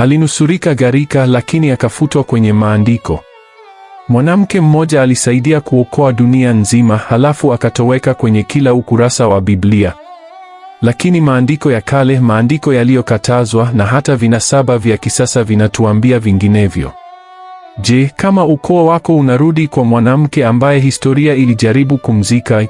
Alinusurika gharika, lakini akafutwa kwenye maandiko. Mwanamke mmoja alisaidia kuokoa dunia nzima, halafu akatoweka kwenye kila ukurasa wa Biblia. Lakini maandiko ya kale, maandiko yaliyokatazwa na hata vinasaba vya kisasa vinatuambia vinginevyo. Je, kama ukoo wako unarudi kwa mwanamke ambaye historia ilijaribu kumzika,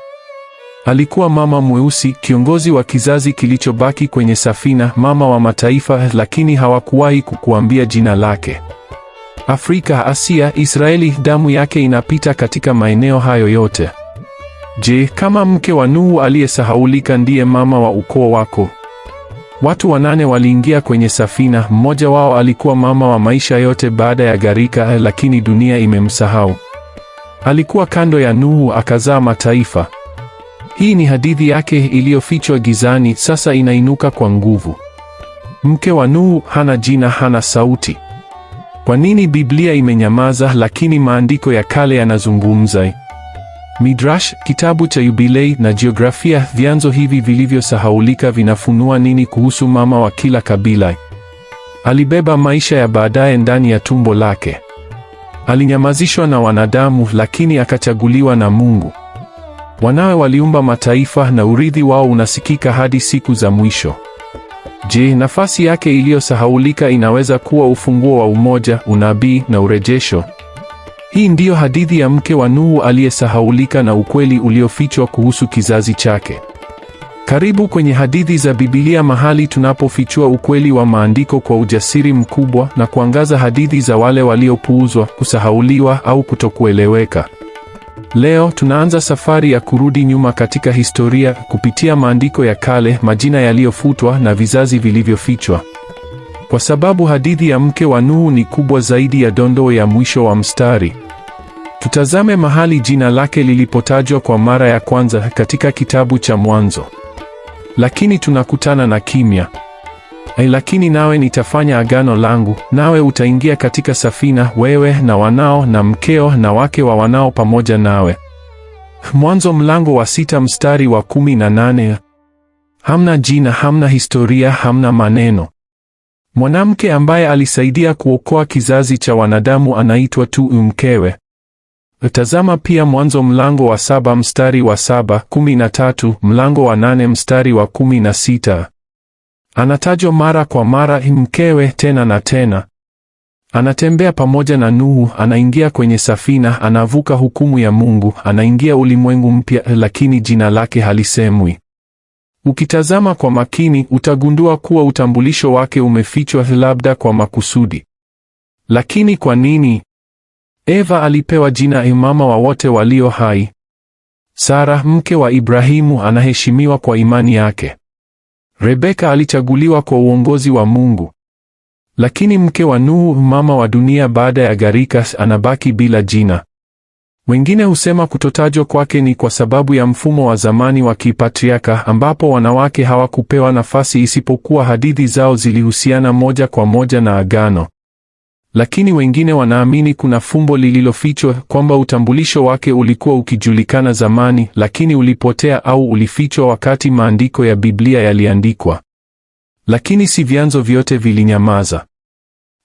Alikuwa mama mweusi, kiongozi wa kizazi kilichobaki kwenye safina, mama wa mataifa, lakini hawakuwahi kukuambia jina lake. Afrika, Asia, Israeli, damu yake inapita katika maeneo hayo yote. Je, kama mke wa Nuhu aliyesahaulika ndiye mama wa ukoo wako? Watu wanane waliingia kwenye safina, mmoja wao alikuwa mama wa maisha yote baada ya gharika, lakini dunia imemsahau. Alikuwa kando ya Nuhu akazaa mataifa. Hii ni hadithi yake iliyofichwa gizani, sasa inainuka kwa nguvu. Mke wa Nuhu hana jina, hana sauti. Kwa nini Biblia imenyamaza lakini maandiko ya kale yanazungumza? Midrash, kitabu cha Yubilei na Jiografia, vyanzo hivi vilivyosahaulika vinafunua nini kuhusu mama wa kila kabila? Alibeba maisha ya baadaye ndani ya tumbo lake. Alinyamazishwa na wanadamu, lakini akachaguliwa na Mungu. Wanawe waliumba mataifa na urithi wao unasikika hadi siku za mwisho. Je, nafasi yake iliyosahaulika inaweza kuwa ufunguo wa umoja, unabii na urejesho? Hii ndiyo hadithi ya mke wa Nuhu aliyesahaulika na ukweli uliofichwa kuhusu kizazi chake. Karibu kwenye hadithi za Biblia, mahali tunapofichua ukweli wa maandiko kwa ujasiri mkubwa na kuangaza hadithi za wale waliopuuzwa, kusahauliwa au kutokueleweka. Leo tunaanza safari ya kurudi nyuma katika historia kupitia maandiko ya kale, majina yaliyofutwa na vizazi vilivyofichwa. Kwa sababu hadithi ya mke wa Nuhu ni kubwa zaidi ya dondoo ya mwisho wa mstari. Tutazame mahali jina lake lilipotajwa kwa mara ya kwanza katika kitabu cha Mwanzo. Lakini tunakutana na kimya. Lakini nawe nitafanya agano langu nawe, utaingia katika safina, wewe na wanao na mkeo na wake wa wanao pamoja nawe. Mwanzo mlango wa sita mstari wa kumi na nane. Hamna jina, hamna historia, hamna maneno. Mwanamke ambaye alisaidia kuokoa kizazi cha wanadamu anaitwa tu mkewe. Tazama pia Mwanzo mlango wa saba mstari wa saba, kumi na tatu, mlango wa nane mstari wa kumi na sita. Anatajwa mara kwa mara, mkewe tena na tena. Anatembea pamoja na Nuhu, anaingia kwenye safina, anavuka hukumu ya Mungu, anaingia ulimwengu mpya, lakini jina lake halisemwi. Ukitazama kwa makini, utagundua kuwa utambulisho wake umefichwa, labda kwa makusudi. Lakini kwa nini? Eva alipewa jina ya e mama wa wote walio hai. Sara, mke wa Ibrahimu, anaheshimiwa kwa imani yake. Rebeka alichaguliwa kwa uongozi wa Mungu. Lakini mke wa Nuhu, mama wa dunia baada ya gharika, anabaki bila jina. Wengine husema kutotajwa kwake ni kwa sababu ya mfumo wa zamani wa kipatriaka ambapo wanawake hawakupewa nafasi isipokuwa hadithi zao zilihusiana moja kwa moja na agano. Lakini wengine wanaamini kuna fumbo lililofichwa, kwamba utambulisho wake ulikuwa ukijulikana zamani, lakini ulipotea au ulifichwa wakati maandiko ya Biblia yaliandikwa. Lakini si vyanzo vyote vilinyamaza.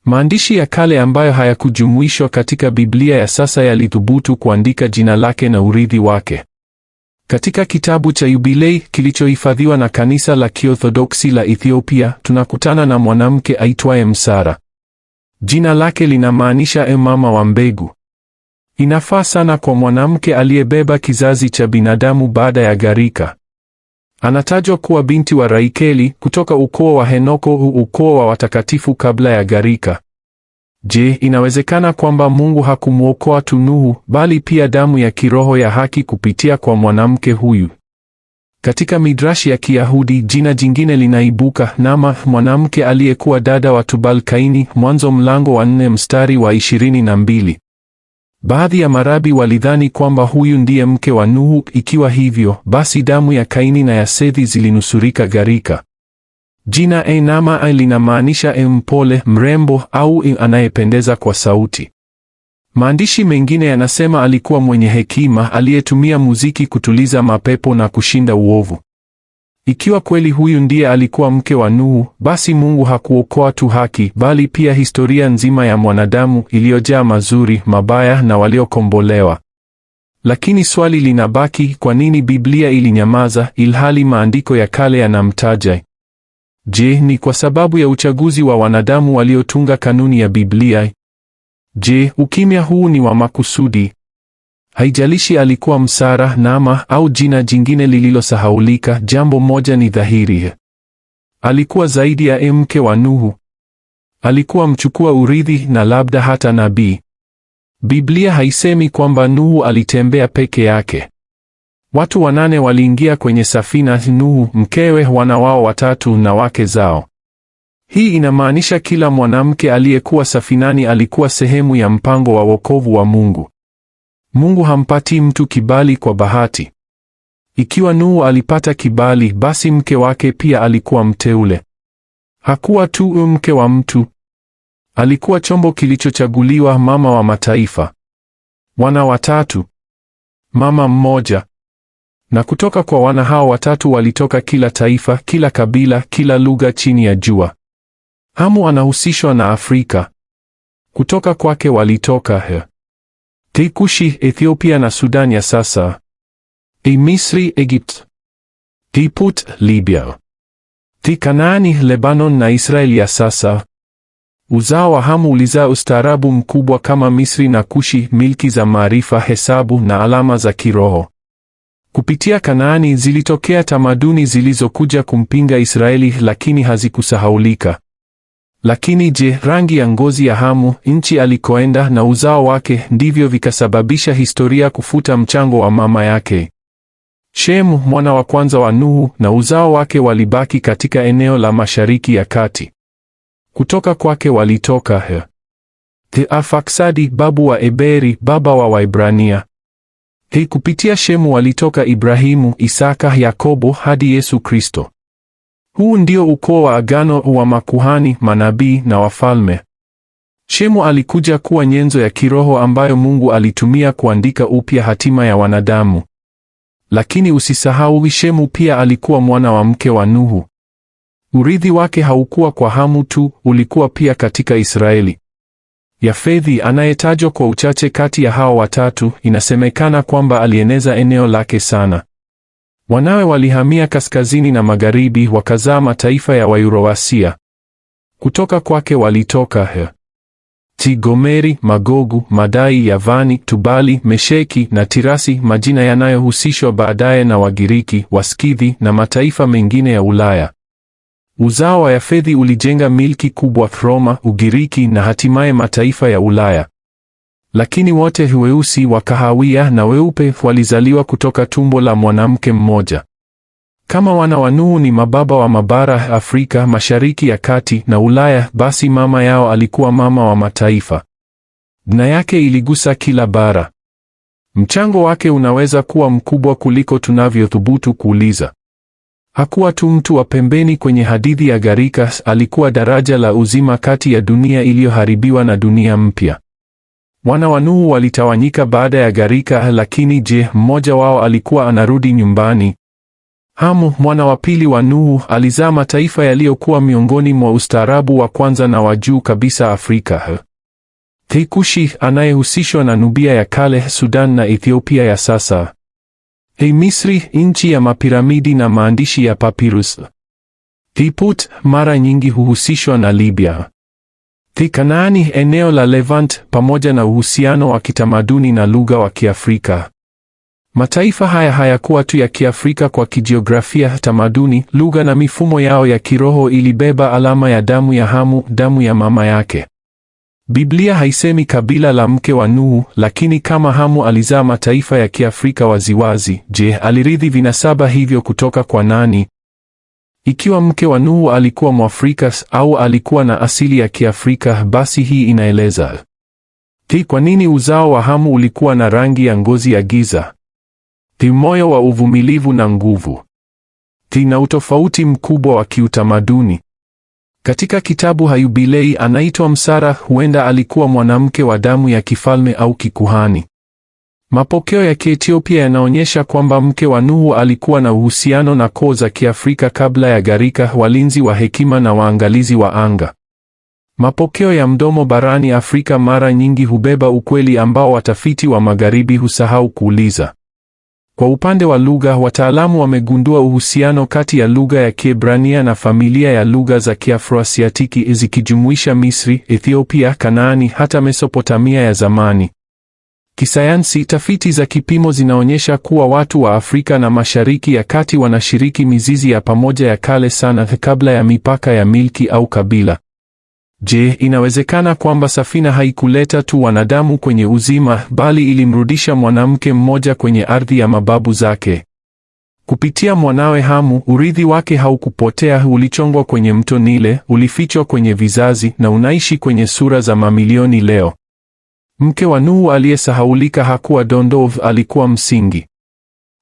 Maandishi ya kale ambayo hayakujumuishwa katika Biblia ya sasa yalithubutu kuandika jina lake na urithi wake. Katika kitabu cha Yubilei kilichohifadhiwa na kanisa la Kiorthodoksi la Ethiopia, tunakutana na mwanamke aitwaye Msara. Jina lake linamaanisha e, mama wa mbegu. Inafaa sana kwa mwanamke aliyebeba kizazi cha binadamu baada ya gharika. Anatajwa kuwa binti wa Raikeli kutoka ukoo wa Henoko, ukoo wa watakatifu kabla ya gharika. Je, inawezekana kwamba Mungu hakumwokoa tu Nuhu bali pia damu ya kiroho ya haki kupitia kwa mwanamke huyu? Katika midrashi ya Kiyahudi jina jingine linaibuka nama mwanamke aliyekuwa dada wa Tubal Kaini, Mwanzo mlango wa nne mstari wa ishirini na mbili. Baadhi ya marabi walidhani kwamba huyu ndiye mke wa Nuhu. Ikiwa hivyo, basi damu ya Kaini na ya Sethi zilinusurika gharika. Jina nama linamaanisha mpole, mrembo au anayependeza kwa sauti. Maandishi mengine yanasema alikuwa mwenye hekima aliyetumia muziki kutuliza mapepo na kushinda uovu. Ikiwa kweli huyu ndiye alikuwa mke wa Nuhu, basi Mungu hakuokoa tu haki, bali pia historia nzima ya mwanadamu iliyojaa mazuri, mabaya na waliokombolewa. Lakini swali linabaki, kwa nini Biblia ilinyamaza ilhali maandiko ya kale yanamtaja? Je, ni kwa sababu ya uchaguzi wa wanadamu waliotunga kanuni ya Biblia? Je, ukimya huu ni wa makusudi? Haijalishi alikuwa Msara, Naama au jina jingine lililosahaulika, jambo moja ni dhahiri: alikuwa zaidi ya mke wa Nuhu. Alikuwa mchukua urithi na labda hata nabii. Biblia haisemi kwamba Nuhu alitembea peke yake. Watu wanane waliingia kwenye safina, Nuhu, mkewe, wana wao watatu na wake zao. Hii inamaanisha kila mwanamke aliyekuwa safinani alikuwa sehemu ya mpango wa wokovu wa Mungu. Mungu hampatii mtu kibali kwa bahati. Ikiwa Nuhu alipata kibali, basi mke wake pia alikuwa mteule. Hakuwa tu mke wa mtu, alikuwa chombo kilichochaguliwa, mama wa mataifa. Wana watatu, mama mmoja. Na kutoka kwa wana hao watatu walitoka kila taifa, kila kabila, kila lugha chini ya jua. Hamu anahusishwa na Afrika. Kutoka kwake walitoka he. Tikushi, Ethiopia na Sudan ya sasa. Ti Misri, Egypt. Tiput, Libya. Ti Kanaani, Lebanon na Israeli ya sasa. Uzao wa Hamu ulizaa ustaarabu mkubwa kama Misri na Kushi, milki za maarifa, hesabu na alama za kiroho. Kupitia Kanaani zilitokea tamaduni zilizokuja kumpinga Israeli, lakini hazikusahaulika. Lakini je, rangi ya ngozi ya Hamu, nchi alikoenda na uzao wake ndivyo vikasababisha historia kufuta mchango wa mama yake? Shemu, mwana wa kwanza wa Nuhu, na uzao wake walibaki katika eneo la Mashariki ya Kati. Kutoka kwake walitoka he. The Afaksadi, babu wa Eberi, baba wa Waibrania. Hii kupitia Shemu walitoka Ibrahimu, Isaka, Yakobo hadi Yesu Kristo. Huu ndio ukoo wa agano wa makuhani, manabii na wafalme. Shemu alikuja kuwa nyenzo ya kiroho ambayo Mungu alitumia kuandika upya hatima ya wanadamu. Lakini usisahau, Shemu pia alikuwa mwana wa mke wa Nuhu. Urithi wake haukuwa kwa Hamu tu, ulikuwa pia katika Israeli. Yafethi, anayetajwa kwa uchache kati ya hao watatu, inasemekana kwamba alieneza eneo lake sana. Wanawe walihamia kaskazini na magharibi, wakazaa mataifa ya Wayuroasia. Kutoka kwake walitoka he. Tigomeri, Magogu, Madai, Yavani, Tubali, Mesheki na Tirasi, majina yanayohusishwa baadaye na Wagiriki, Waskithi na mataifa mengine ya Ulaya. Uzao wa Yafethi ulijenga milki kubwa Roma, Ugiriki na hatimaye mataifa ya Ulaya. Lakini wote weusi wa kahawia na weupe walizaliwa kutoka tumbo la mwanamke mmoja. Kama wana wa Nuhu ni mababa wa mabara Afrika Mashariki ya Kati na Ulaya, basi mama yao alikuwa mama wa mataifa. Dna yake iligusa kila bara. Mchango wake unaweza kuwa mkubwa kuliko tunavyothubutu kuuliza. Hakuwa tu mtu wa pembeni kwenye hadithi ya Garikas, alikuwa daraja la uzima kati ya dunia iliyoharibiwa na dunia mpya. Wana wa Nuhu walitawanyika baada ya gharika, lakini je, mmoja wao alikuwa anarudi nyumbani? Hamu, mwana wa pili wa Nuhu, alizaa mataifa yaliyokuwa miongoni mwa ustaarabu wa kwanza na wa juu kabisa Afrika. Kushi anayehusishwa na Nubia ya kale, Sudan na Ethiopia ya sasa. Hey, Misri, nchi ya mapiramidi na maandishi ya papyrus. Tiput mara nyingi huhusishwa na Libya. Kikanaani, eneo la Levant, pamoja na uhusiano wa kitamaduni na lugha wa Kiafrika. Mataifa haya hayakuwa tu ya Kiafrika kwa kijiografia, tamaduni, lugha na mifumo yao ya kiroho ilibeba alama ya damu ya Hamu, damu ya mama yake. Biblia haisemi kabila la mke wa Nuhu, lakini kama Hamu alizaa mataifa ya Kiafrika waziwazi, je, alirithi vinasaba hivyo kutoka kwa nani? Ikiwa mke wa Nuhu alikuwa Mwafrika au alikuwa na asili ya Kiafrika, basi hii inaeleza ti kwa nini uzao wa Hamu ulikuwa na rangi ya ngozi ya giza, ti moyo wa uvumilivu na nguvu, ti na utofauti mkubwa wa kiutamaduni. Katika kitabu Hayubilei anaitwa Msara, huenda alikuwa mwanamke wa damu ya kifalme au kikuhani. Mapokeo ya Kiethiopia yanaonyesha kwamba mke wa Nuhu alikuwa na uhusiano na koo za Kiafrika kabla ya gharika, walinzi wa hekima na waangalizi wa anga. Mapokeo ya mdomo barani Afrika mara nyingi hubeba ukweli ambao watafiti wa magharibi husahau kuuliza. Kwa upande wa lugha, wataalamu wamegundua uhusiano kati ya lugha ya Kiebrania na familia ya lugha za Kiafroasiatiki zikijumuisha Misri, Ethiopia, Kanaani, hata Mesopotamia ya zamani. Kisayansi, tafiti za kipimo zinaonyesha kuwa watu wa Afrika na Mashariki ya Kati wanashiriki mizizi ya pamoja ya kale sana kabla ya mipaka ya milki au kabila. Je, inawezekana kwamba safina haikuleta tu wanadamu kwenye uzima bali ilimrudisha mwanamke mmoja kwenye ardhi ya mababu zake? Kupitia mwanawe Hamu, urithi wake haukupotea, ulichongwa kwenye mto Nile, ulifichwa kwenye vizazi na unaishi kwenye sura za mamilioni leo. Mke wa Nuhu aliyesahaulika hakuwa Dondov, alikuwa msingi.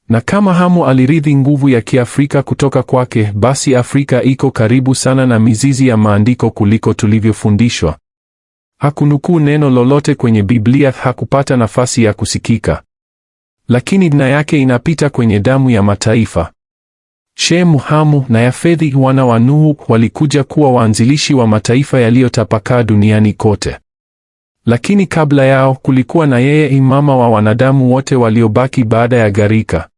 Na kama Hamu alirithi nguvu ya Kiafrika kutoka kwake, basi Afrika iko karibu sana na mizizi ya maandiko kuliko tulivyofundishwa. Hakunukuu neno lolote kwenye Biblia, hakupata nafasi ya kusikika, lakini dna yake inapita kwenye damu ya mataifa. Shemu, Hamu na Yafethi, wana wa Nuhu, walikuja kuwa waanzilishi wa mataifa yaliyotapakaa duniani kote. Lakini kabla yao kulikuwa na yeye, imama wa wanadamu wote waliobaki baada ya gharika.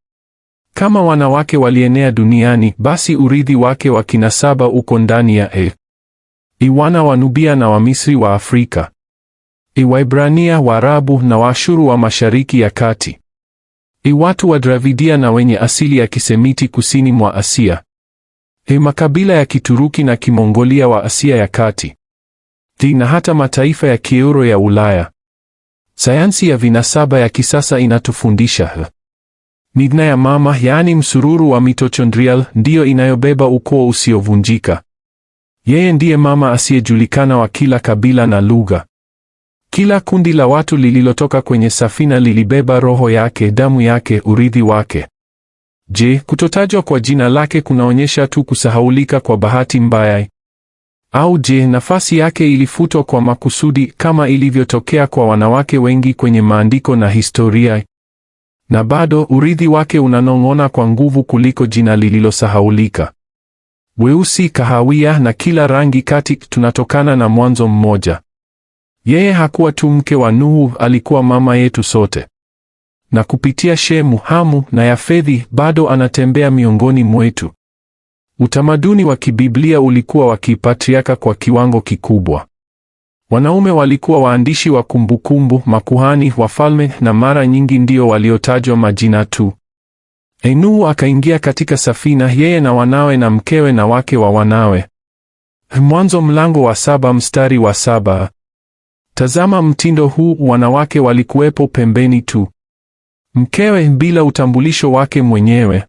Kama wanawake walienea duniani, basi urithi wake wa kinasaba uko ndani ya e iwana wa Nubia na Wamisri wa Afrika, Iwaibrania, Waarabu na Waashuru wa Mashariki ya Kati, Iwatu wa Dravidia na wenye asili ya Kisemiti kusini mwa Asia, Imakabila ya Kituruki na Kimongolia wa Asia ya Kati na hata mataifa ya kiuro ya Ulaya. Sayansi ya vinasaba ya kisasa inatufundisha nidna ya mama, yaani msururu wa mitochondrial, ndiyo inayobeba ukoo usiovunjika. Yeye ndiye mama asiyejulikana wa kila kabila na lugha. Kila kundi la watu lililotoka kwenye safina lilibeba roho yake, damu yake, urithi wake. Je, kutotajwa kwa jina lake kunaonyesha tu kusahaulika kwa bahati mbaya? Au je, nafasi yake ilifutwa kwa makusudi kama ilivyotokea kwa wanawake wengi kwenye maandiko na historia? Na bado urithi wake unanong'ona kwa nguvu kuliko jina lililosahaulika. Weusi, kahawia na kila rangi kati, tunatokana na mwanzo mmoja. Yeye hakuwa tu mke wa Nuhu, alikuwa mama yetu sote. Na kupitia Shemu, Hamu na Yafethi bado anatembea miongoni mwetu. Utamaduni wa kibiblia ulikuwa wa kipatriaka kwa kiwango kikubwa. Wanaume walikuwa waandishi wa kumbukumbu, makuhani, wafalme na mara nyingi ndio waliotajwa majina tu. Enoa akaingia katika safina, yeye na wanawe na mkewe na wake wa wanawe. Mwanzo mlango wa saba mstari wa saba. Tazama mtindo huu, wanawake walikuwepo pembeni tu, mkewe bila utambulisho wake mwenyewe.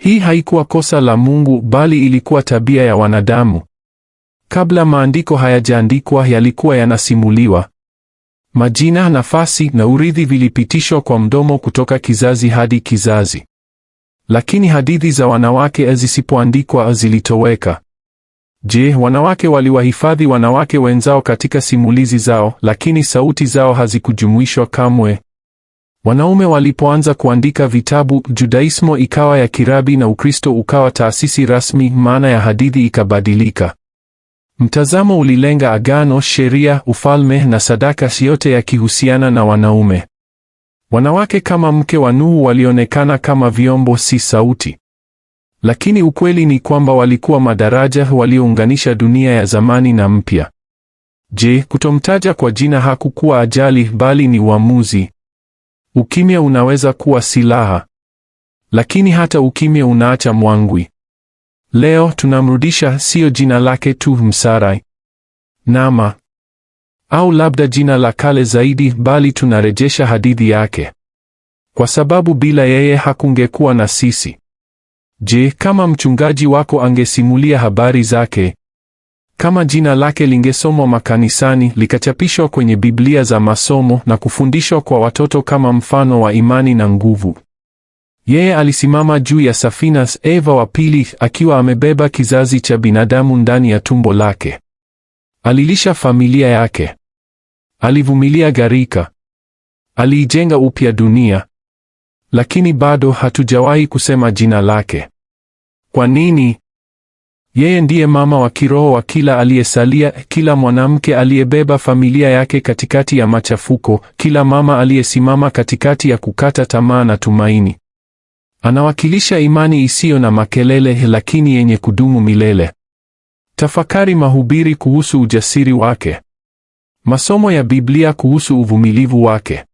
Hii haikuwa kosa la Mungu, bali ilikuwa tabia ya wanadamu. Kabla maandiko hayajaandikwa, yalikuwa yanasimuliwa. Majina, nafasi na urithi vilipitishwa kwa mdomo kutoka kizazi hadi kizazi. Lakini hadithi za wanawake zisipoandikwa zilitoweka. Je, wanawake waliwahifadhi wanawake wenzao katika simulizi zao, lakini sauti zao hazikujumuishwa kamwe? Wanaume walipoanza kuandika vitabu, Judaismo ikawa ya kirabi na Ukristo ukawa taasisi rasmi, maana ya hadithi ikabadilika. Mtazamo ulilenga agano, sheria, ufalme na sadaka, yote yakihusiana na wanaume. Wanawake kama mke wa Nuhu walionekana kama vyombo, si sauti. Lakini ukweli ni kwamba walikuwa madaraja waliounganisha dunia ya zamani na mpya. Je, kutomtaja kwa jina hakukuwa ajali bali ni uamuzi? Ukimya unaweza kuwa silaha, lakini hata ukimya unaacha mwangwi. Leo tunamrudisha sio jina lake tu, Msarai Nama, au labda jina la kale zaidi, bali tunarejesha hadithi yake, kwa sababu bila yeye hakungekuwa na sisi. Je, kama mchungaji wako angesimulia habari zake, kama jina lake lingesomwa makanisani, likachapishwa kwenye Biblia za masomo na kufundishwa kwa watoto kama mfano wa imani na nguvu. Yeye alisimama juu ya safina Eva wa pili akiwa amebeba kizazi cha binadamu ndani ya tumbo lake. Alilisha familia yake. Alivumilia gharika. Aliijenga upya dunia. Lakini bado hatujawahi kusema jina lake. Kwa nini? Yeye ndiye mama wa kiroho wa kila aliyesalia, kila mwanamke aliyebeba familia yake katikati ya machafuko, kila mama aliyesimama katikati ya kukata tamaa na tumaini. Anawakilisha imani isiyo na makelele, lakini yenye kudumu milele. Tafakari mahubiri kuhusu ujasiri wake. Masomo ya Biblia kuhusu uvumilivu wake.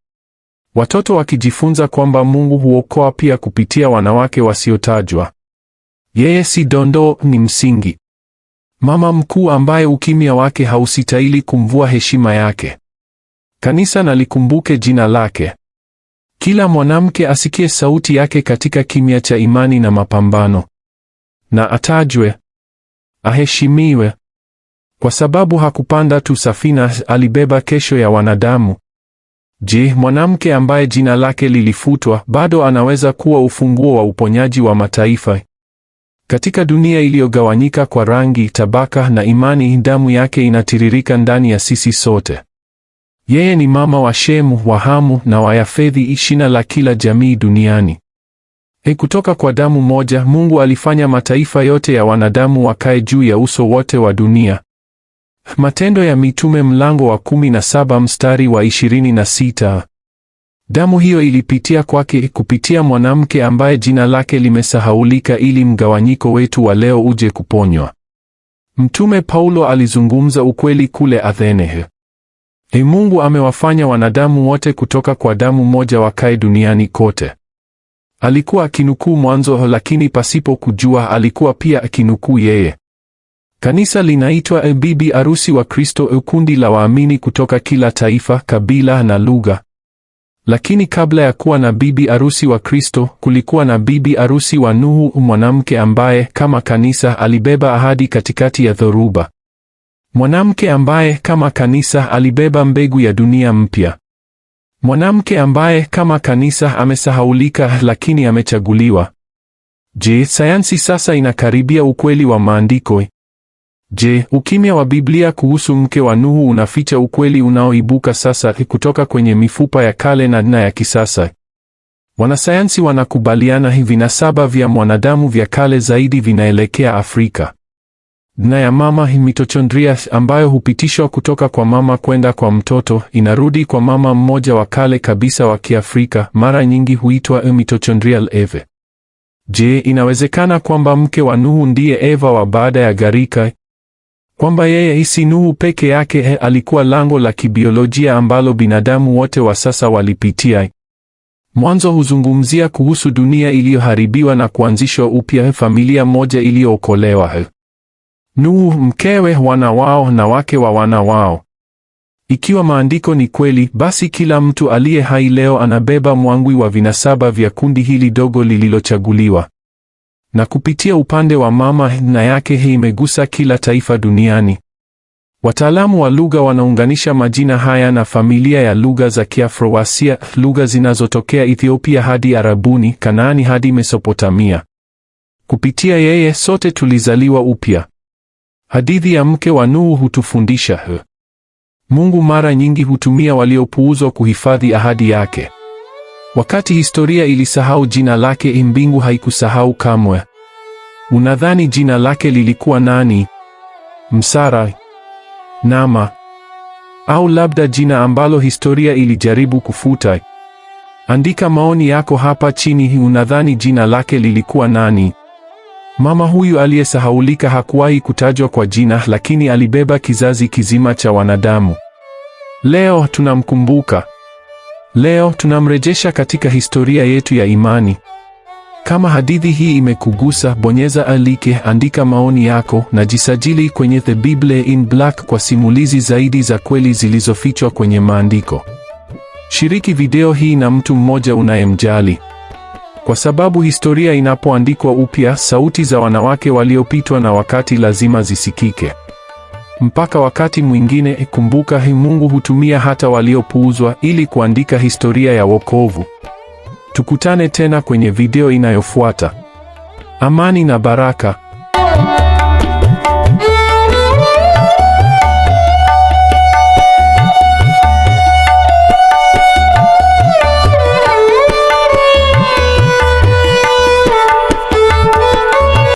Watoto wakijifunza kwamba Mungu huokoa pia kupitia wanawake wasiotajwa. Yeye si dondoo, ni msingi. Mama mkuu ambaye ukimya wake hausitahili kumvua heshima yake. Kanisa nalikumbuke jina lake. Kila mwanamke asikie sauti yake katika kimya cha imani na mapambano. Na atajwe, aheshimiwe. Kwa sababu hakupanda tu safina, alibeba kesho ya wanadamu. Je, mwanamke ambaye jina lake lilifutwa bado anaweza kuwa ufunguo wa uponyaji wa mataifa? Katika dunia iliyogawanyika kwa rangi, tabaka na imani, damu yake inatiririka ndani ya sisi sote. Yeye ni mama wa Shemu, wa Hamu na wa Yafethi, shina la kila jamii duniani. He, kutoka kwa damu moja Mungu alifanya mataifa yote ya wanadamu wakae juu ya uso wote wa dunia. Matendo ya Mitume mlango wa 17 mstari wa 26. Damu hiyo ilipitia kwake kupitia mwanamke ambaye jina lake limesahaulika ili mgawanyiko wetu wa leo uje kuponywa. Mtume Paulo alizungumza ukweli kule Athene. He, Mungu amewafanya wanadamu wote kutoka kwa damu moja wakae duniani kote. Alikuwa akinukuu Mwanzo, lakini pasipo kujua alikuwa pia akinukuu yeye. Kanisa linaitwa e, bibi arusi wa Kristo, ukundi e, la waamini kutoka kila taifa, kabila na lugha. Lakini kabla ya kuwa na bibi arusi wa Kristo, kulikuwa na bibi arusi wa Nuhu, mwanamke ambaye kama kanisa alibeba ahadi katikati ya dhoruba, mwanamke ambaye kama kanisa alibeba mbegu ya dunia mpya, mwanamke ambaye kama kanisa amesahaulika lakini amechaguliwa. Je, sayansi sasa inakaribia ukweli wa maandiko? Je, ukimya wa Biblia kuhusu mke wa Nuhu unaficha ukweli unaoibuka sasa kutoka kwenye mifupa ya kale na nna ya kisasa? Wanasayansi wanakubaliana hivi na saba vya mwanadamu vya kale zaidi vinaelekea Afrika. DNA ya mama, mitochondria ambayo hupitishwa kutoka kwa mama kwenda kwa mtoto, inarudi kwa mama mmoja wa kale kabisa wa Kiafrika, mara nyingi huitwa mitochondrial Eve. Je, inawezekana kwamba mke wa Nuhu ndiye Eva wa baada ya gharika? kwamba yeye si Nuhu peke yake, he, alikuwa lango la kibiolojia ambalo binadamu wote wa sasa walipitia. Mwanzo huzungumzia kuhusu dunia iliyoharibiwa na kuanzishwa upya, e, familia moja iliyookolewa, e. Nuhu, mkewe, wana wao na wake wa wana wao. Ikiwa maandiko ni kweli, basi kila mtu aliye hai leo anabeba mwangwi wa vinasaba vya kundi hili dogo lililochaguliwa na kupitia upande wa mama na yake hii imegusa kila taifa duniani. Wataalamu wa lugha wanaunganisha majina haya na familia ya lugha za Kiafroasia, lugha zinazotokea Ethiopia hadi Arabuni, Kanaani hadi Mesopotamia. Kupitia yeye sote tulizaliwa upya. Hadithi ya mke wa Nuhu hutufundisha Mungu mara nyingi hutumia waliopuuzwa kuhifadhi ahadi yake. Wakati historia ilisahau jina lake, mbingu haikusahau kamwe. Unadhani jina lake lilikuwa nani? Msara? Nama? Au labda jina ambalo historia ilijaribu kufuta? Andika maoni yako hapa chini. Unadhani jina lake lilikuwa nani? Mama huyu aliyesahaulika hakuwahi kutajwa kwa jina, lakini alibeba kizazi kizima cha wanadamu. Leo tunamkumbuka. Leo tunamrejesha katika historia yetu ya imani. Kama hadithi hii imekugusa, bonyeza alike, andika maoni yako na jisajili kwenye The Bible in Black kwa simulizi zaidi za kweli zilizofichwa kwenye maandiko. Shiriki video hii na mtu mmoja unayemjali, kwa sababu historia inapoandikwa upya, sauti za wanawake waliopitwa na wakati lazima zisikike. Mpaka wakati mwingine, hi Mungu hutumia hata waliopuuzwa ili kuandika historia ya wokovu. Tukutane tena kwenye video inayofuata. Amani na baraka.